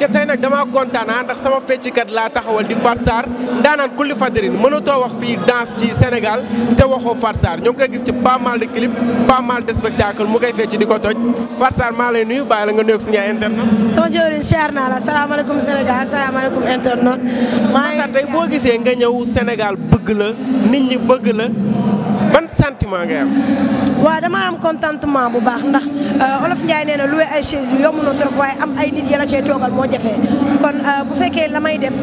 ca tey nag damaa kontaan ah, ndax sama kat laa taxawal di Fatou Sarr ndaanaan kulli fadrin mënatoo wax fii danse ci Sénégal te waxoo Fatou ñoo ngi koy gis ci pas mal de clip pas mal de spectacle mu koy fecc di ko toj Fatou Sarr maa lay nuyu bàyyi la nga nuyoog si ay internet. sama jëwriñ siyaar naa la salaamaaleykum Sénégal salaamaaleykum internet. maa ngi tey boo gisee nga ñëw Sénégal bëgg la nit ñi bëgg la. ban sentiment ngay am. waaw dama am contentement bu baax ndax euh, olof Ndiaye nee na loué ay chaise yu yomb na trop waaye am ay nit yàlla cee toogal moo jafe kon euh, bu fekkee la may def.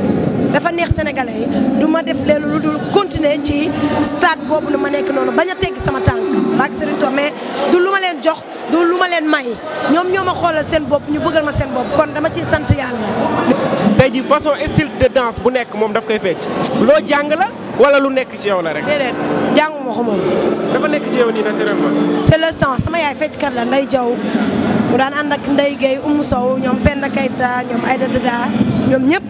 dafa neex sénégalais yi du ma def leelu lu dul continuer ci stade boobu nu ma nekk noonu bañ a teggi sama tànk baak Serigne Touba mais du lu ma leen jox du lu ma leen may ñoom ñoo ma xoolal seen bopp ñu bëggal ma seen bopp kon dama ciy sant yàlla. tey ji façon style de danse bu nekk moom daf koy wala lu nekk ci yow la rek. déedéet jànguma ko moom. dafa nekk ci yow nii naturellement. c'est le sens sama yaay fecckat la nday jaw mu daan ànd ak nday Guèye Oumou Sow ñoom Penda Kayta ñoom ay Dada ñoom ñëpp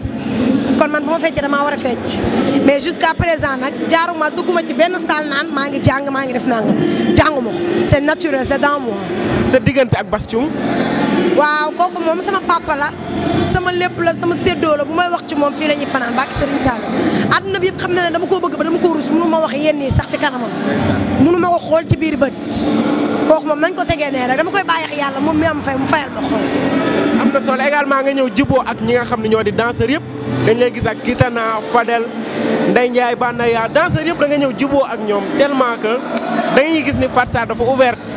kon man bu ma feccee damaa war a fecc mais jusqu'à présent nag jaaruma dugguma ci benn salle naan maa ngi jàng maa ngi def nangam jànguma ko c'est naturel c'est dans moi. sa diggante ak Bass waaw kooku moom sama papa sama lépp la sama séddoo la bu may wax ci moom fii la ñuy fanaan bàkki Serigne Saliou àdduna bi yëpp xam na ne dama koo bëgg ba dama koo rus mënu ma wax yenn yi sax ci kanamam mënu ma ko xool ci biir bët kooku moom nañ ko tegee nee rek dama koy bàyyi ak yàlla moom mi am fay mu fayal ma xool am na solo également nga ñëw jiboo ak ñi nga xam ne ñoo di danseur yëpp dañ lay gis ak Kitana Fadel Ndeye Ndiaye Banaya danseur yëpp da nga ñëw jiboo ak ñoom tellement que dañuy gis ni Fatou Sarr dafa ouverte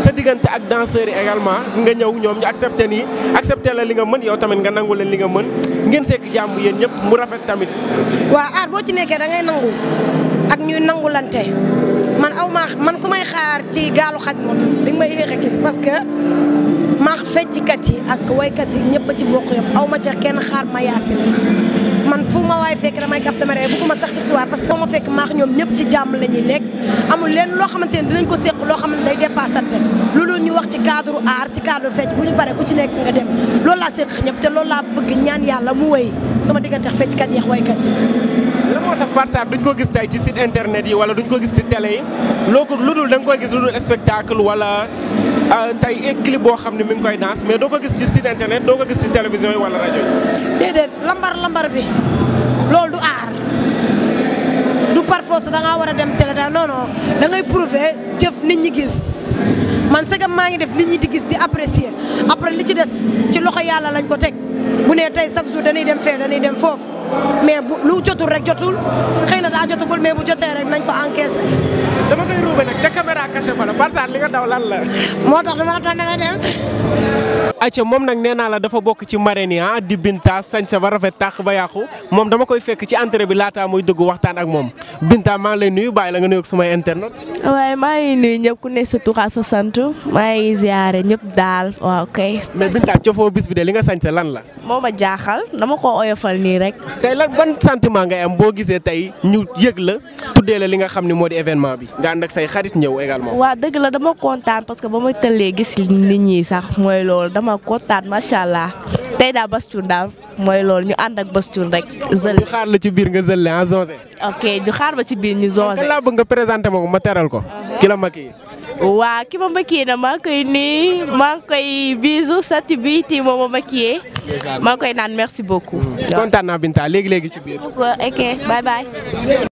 sa diggante ak danseurs yi également nga ñëw ñoom ñu accepté nii accepté la li nga mën yow tamit nga nangu leen li nga mën ngeen sekk jàmm yéen ñëpp mu rafet tamit. waaw aar boo ci nekkee da ngay nangu ak ñuy nangulante man aw ma man ku may xaar ci gaalu xaj moom di nga may yéex a gis parce que maax fecckat yi ak waykat yi ñëpp ci bokk yam aw ma ca kenn xaar ma yaasin man fuma ma waay fekk damay gaf dama ree bëgguma sax histoire parce que sama fekk maax ñoom ñëpp ci jàmm la ñuy nekk amul leen loo xamante dinañ ko seq loo xamante day dépassante wax ci cadre aar ci cadre fecc bu ñu paree ku ci nekk nga dem loolu laa séq ñëpp te loolu laa bëgg ñaan yàlla mu wéy sama diggante ak fecckat yeex waykat yi la moo tax Fatou Sarr duñ ko gis tey ci site internet yi wala duñ ko gis ci télé yi loo ko lu dul da nga koy gis lu dul spectacle wala euh, tey clip boo xam ne mi ngi koy danse mais doo ko gis ci site internet doo ko gis ci télévision yi wala rajo yi déedéet lambar lambar bi poste da ngaa dem télé daal non non da ngay prouver jëf nit ñi gis man sagam maa ngi def nit ñi di gis di apprécier après li ci des ci loxo yàlla lañ ko teg bu nee tey chaque jour dañuy dem fee dañuy dem foofu mais bu lu jotul rek jotul xëy na daa jotagul mais bu jotee rek nañ ko encaisser. dama koy ruube nag ca caméra kese ba la parce que daw lan la. moo tax dama la tax da dem. ayca moom nag nee naa la dafa bokk ci marraine yi ah di Binta sañse ba rafet tàq ba yàqu moom dama koy fekk ci entrée bi laataa muy dugg waxtaan ak moom Binta maa ngi lay nuyu bàyyi la nga nuyoog sumay internet. waaye maa ngi nuyu ñëpp ku ne sa tur sa sant maa ngi ziare ñëpp daal waaw kay. mais Binta cofoo bis bi de li nga sañse lan la. moo ma jaaxal dama ko oyofal nii rek. tey lan ban sentiment ngay am boo gisee tey ñu yëg la dee la li nga xam ne moo di événement bi nga ànd ak say xarit ñëw également. waa dëgg la dama kontaan parce que ba ma tëllee gis nit ñi sax mooy loolu dama kontaan macha allah tey daal Bastour daal mooy loolu ñu ànd ak Bastour rek. zële xaar la ci biir nga zële ah zonzé. ok ñu xaar ba ci biir ñu zonzé. kon laa bëgg nga présenté ma ko ma teral ko. ki la ma waa ki ma maquillé na maa ngi koy nuyu maa ngi koy bisu sati biiti moo ma maquillé maa ngi koy naan merci beaucoup. kontaan Binta léegi léegi ci biir. ok bye bye.